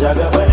jagabani.